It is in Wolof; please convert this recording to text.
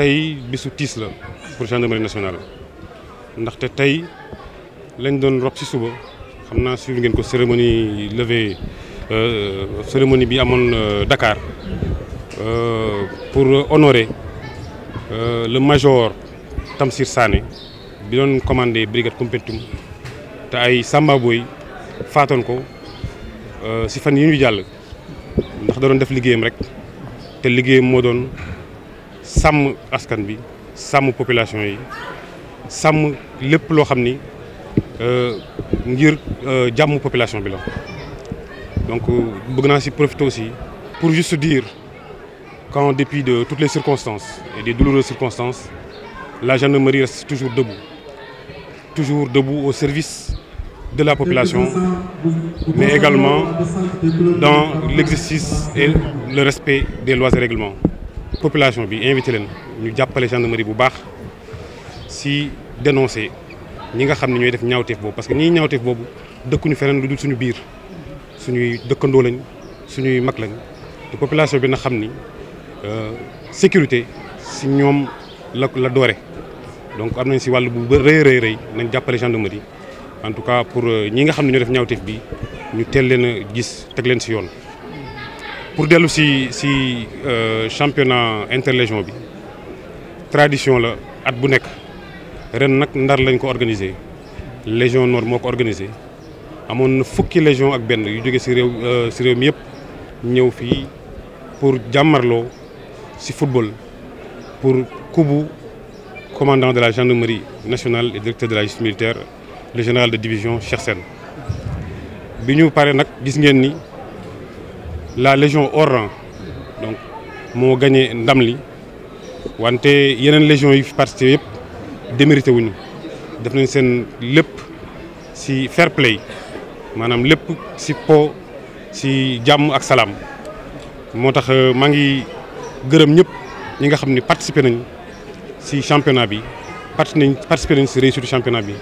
tey bisu tiis la pour gendarmerie nationale ndaxte tey lañ doon rob ci suba xam naa suivre ngeen ko cérémonie levée euh, cérémonie bi amoon euh, Dakar euh, pour honorer le major Tamsir Sane, bi doon commandé brigade Koumpentoum te ay Samba Boy faatoon ko ci fan yi ñu jall ndax da doon def liggéeyam rek té liggéeyam mo doon sam askan population yi Sam lepp lo xamni euh, ngir euh, population donc euh, bëgg ci profiter aussi pour juste dire qu'en dépit de toutes les circonstances et des douloureuses circonstances la gendarmerie reste toujours debout toujours debout au service de la population mais également dans l'exercice et le respect des lois et règlements population bi invité len ñu jappalé gendarmerie bu baax si dénoncer ñi nga xamni ñoy def ñaawteef boobu parce que ñi ñaawteef boobu dekkunu fenen lu dul suñu biir suñuy dekkando lañ suñuy mag lañ te population bi na xamni euh sécurité si ñom la la doore donc am nañ si walu bu rëy rëy rëy nañ jappalé gendarmerie en tout cas pour euh, ñi nga xamni ñoy def ñaawteef bi ñu tellena gis teg leen si yoon pour le si si euh, championnat interlégion la tradition la at bu nekk ren nag ndar organisé légion nord moo ko organisé la fukki légion ak Ben. yu jóge si réew euh, si pour le football pour Koubou, commandant de la gendarmerie nationale et directeur de la justice militaire le général de division Cheikh Sen. avons parlé de la légion hors donc mo gagné ndamli li wante yeneen légion yi fi participé yëpp démérité wuñu def nañ sen lepp ci fair play manam lepp ci po ci Jam ak salam motax tax euh, maa ngi gërëm ñëpp ñi nga xam participé nañ ci championnat bi parti nañ participé nañ ci réussite championnat bi